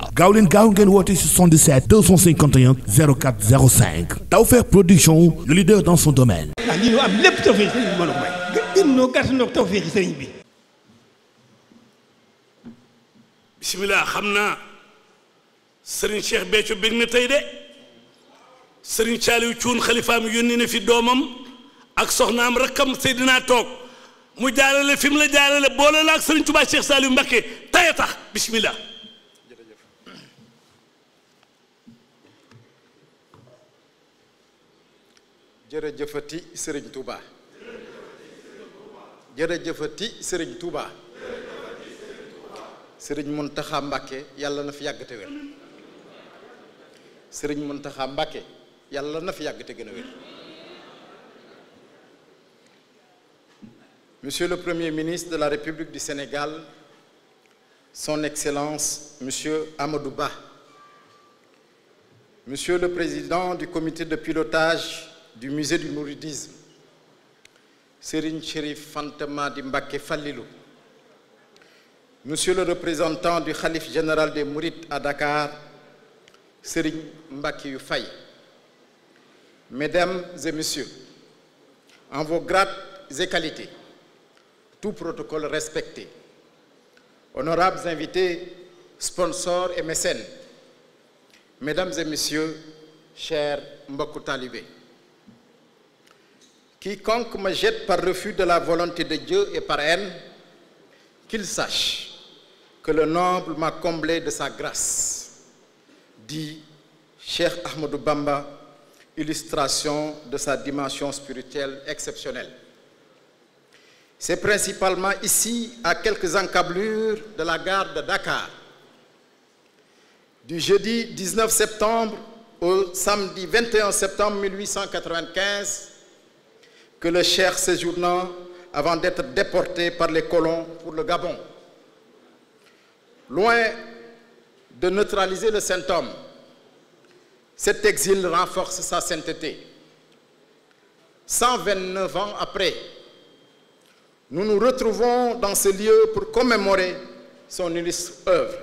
waaw gaaw leen gaaw ngeen woote 77 251 04 05 Tawfekh Production le dans son domaine. ah xam naa sëriñ Cheikh Béthio bég na tey de sëriñ Saliou Thioune xalifaam yónni na fi doomam ak soxnaam rakkam Seydina toog mu jaarale fi mu la jaarale boole la ak sëriñ Touba Cheikh Saliou Mbacké tey a tax bisimilah. jërëjëfati sëriñ Touba jërëjëfati sëriñ Touba sëriñ Muntaxa Mbàkke yàlla na fi yàgg te wér sëriñ Muntaxa Mbàkke yàlla na fi yàgg te Monsieur le Premier ministre de la République du Sénégal, Son Excellence Monsieur Amadou Ba, Monsieur le Président du comité de pilotage du musée du mouridisme Serigne Chérif Fantama di Mbacké Fallilou monsieur le représentant du khalife général des mourides à Dakar Serigne Mbackiyou Faye mesdames et messieurs en vos grades et qualités tout protocole respecté honorables invités sponsors et mécènes mesdames et messieurs chers mbokku talibé Quiconque me jette par refus de la volonté de Dieu et par haine, qu'il sache le m'a comblé de sa grâce, dit Cheikh Ahmadou Bamba, illustration de sa dimension spirituelle exceptionnelle. C'est principalement ici, à quelques encablures de la gare de Dakar, du jeudi 19 septembre au samedi 21 septembre 1895, que le Cheikh séjourna avant d'être déporté par les colons pour le Gabon. Loin de neutraliser le symptôme, cet exil renforce sa sainteté. 129 ans après, nous nous retrouvons dans ce lieu pour commémorer son illustre œuvre.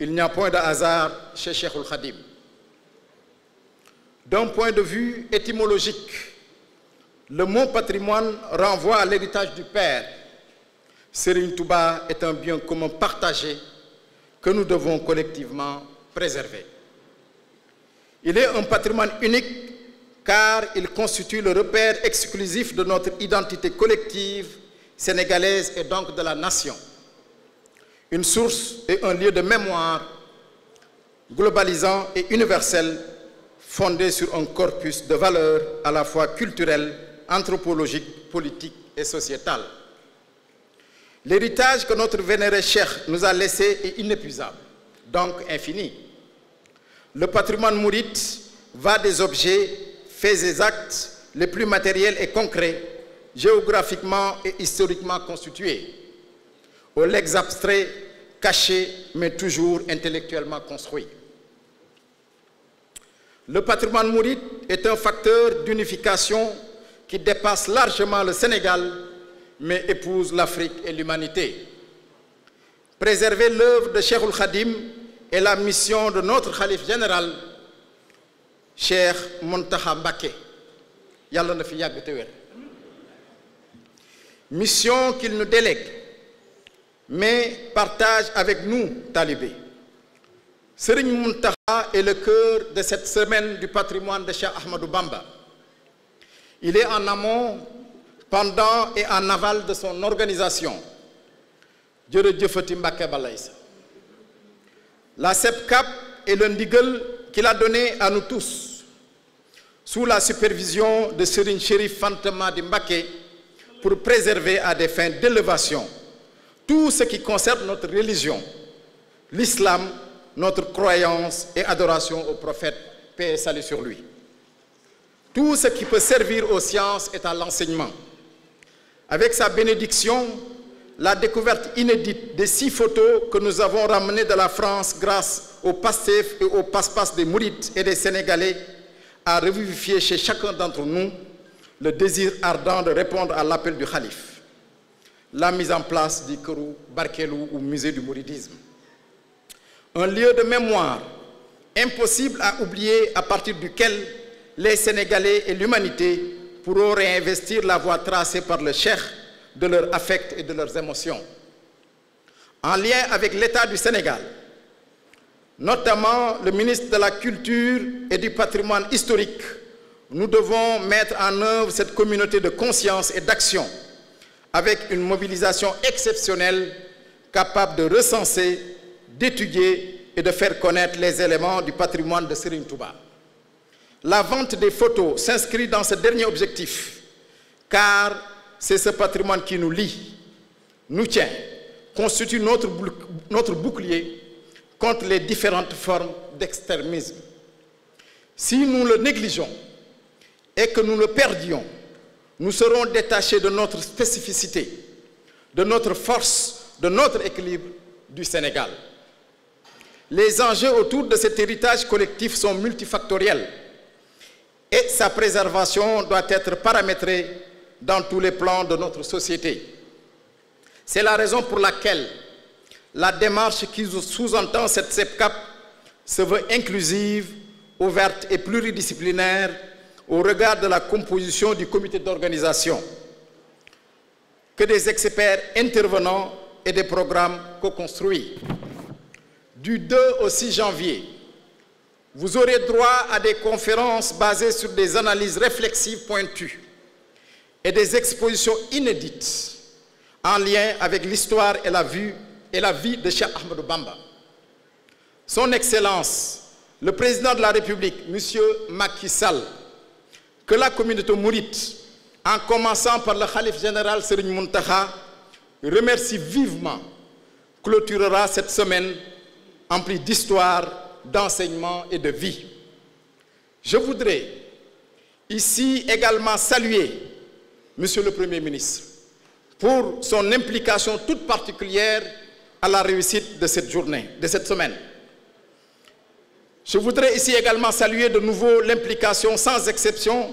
Il n'y a point de hasard chez Cheikhul Khadim. D'un Le mot patrimoine renvoie à l'héritage du Père. Serigne Touba est un bien commun partagé que nous devons collectivement préserver. Il est un patrimoine unique car il constitue le repère exclusif de notre identité collective sénégalaise et donc de la nation. Une source et un lieu de mémoire globalisant et universel fondé sur un corpus de valeurs à la fois culturelle anthropologique, politique et sociétale. L'héritage que notre vénéré Cheikh nous a laissé est inépuisable, donc infini. Le patrimoine mourite va des objets, faits et actes les plus matériels et concrets, géographiquement et historiquement constitués, aux legs abstraits, cachés, mais toujours intellectuellement construits. Le patrimoine mourite est un facteur d'unification qui dépasse largement le Sénégal, mais épouse l'Afrique et l'humanité. Préserver l'œuvre de Cheikh Khadim est la mission de notre Khalif général, Cheikh Montaha Mbake. Yalla na fi yag te Mission qu'il nous délègue, mais partage avec nous, talibés. Serigne Montaha est le cœur de cette semaine du patrimoine de Cheikh Ahmadou Bamba. Il est en amont, pendant et en aval de son organisation. jërëjëfati Mbàkke balay sa la CEPCAP est le ndigal qu'il a donné à nous tous sous la supervision de Serigne Chérif Fanta Madi Mbacké pour préserver à des fins d'élevation tout ce qui concerne notre religion l'islam notre croyance et adoration au prophète paix et salut sur lui tout ce qui peut servir aux sciences et à l'enseignement. Avec sa bénédiction, la découverte inédite des six photos que nous avons ramenées de la France grâce au PASTEF et au passe-passe des Mourites et des Sénégalais a revivifié chez chacun d'entre nous le désir ardent de répondre à l'appel du calife. La mise en place du Kourou Barkelou ou musée du Mouridisme. Un lieu de mémoire impossible à oublier à partir duquel les Sénégalais et l'humanité pourront réinvestir la voie tracée par le Cheikh de leurs affects et de leurs émotions. En lien avec l'État du Sénégal, notamment le ministre de la Culture et du Patrimoine historique, nous devons mettre en œuvre cette communauté de conscience et d'action avec une mobilisation exceptionnelle capable de recenser, d'étudier et de faire connaître les éléments du patrimoine de Serigne Touba. La vente des photos s'inscrit dans ce dernier objectif, car c'est ce patrimoine qui nous lie, nous tient, constitue notre, notre bouclier contre les différentes formes d'extrémisme. Si nous le négligeons et que nous le perdions, nous serons détachés de notre spécificité, de notre force, de notre équilibre du Sénégal. Les enjeux autour de cet héritage collectif sont multifactoriels et sa préservation doit être paramétrée dans tous les plans de notre société. C'est la raison pour laquelle la démarche qui sous-entend cette CEPCAP se veut inclusive, ouverte et pluridisciplinaire au regard de la composition du comité d'organisation, que des experts intervenants et des programmes co-construits. Du 2 au janvier Vous aurez droit à des conférences basées sur des analyses réflexives pointues et des expositions inédites en lien avec l'histoire et la vue et la vie de Cheikh Ahmadou Bamba. Son Excellence, le président de la République, monsieur Macky Sall, que la communauté mourite, en commençant par le Khalif général Serigne Mountakha, remercie vivement, clôturera cette semaine emplie d'histoire d'enseignement et de vie. Je voudrais ici également saluer Monsieur le Premier ministre pour son implication toute particulière à la réussite de cette journée, de cette semaine. Je voudrais ici également saluer de nouveau l'implication sans exception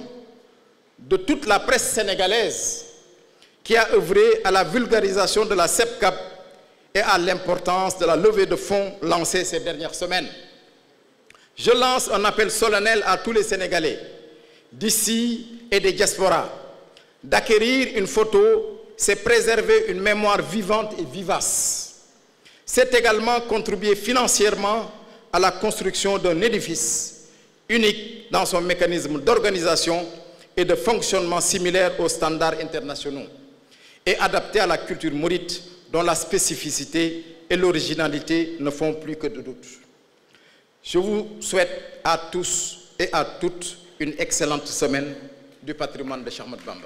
de toute la presse sénégalaise qui a œuvré à la vulgarisation de la CEPCAP et à l'importance de la levée de fonds lancée ces dernières semaines. Je lance un appel solennel à tous les Sénégalais d'ici et des diasporas d'acquérir une photo, c'est préserver une mémoire vivante et vivace. C'est également contribuer financièrement à la construction d'un édifice unique dans son mécanisme d'organisation et de fonctionnement similaire aux standards internationaux et adapté à la culture mourite dont la spécificité et l'originalité ne font plus que de doute. Je vous souhaite à tous et à toutes une excellente semaine du patrimoine de Charmat Bamba.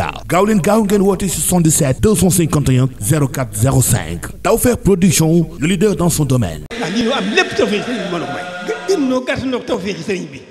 la gaaw leen gaaw ngeen woote 77 251 04 05 Tawfekh Production le leader dans son domaine. ah am lépp tawfeex sëriñ bi mën a may. gën noo gàtt noo bi.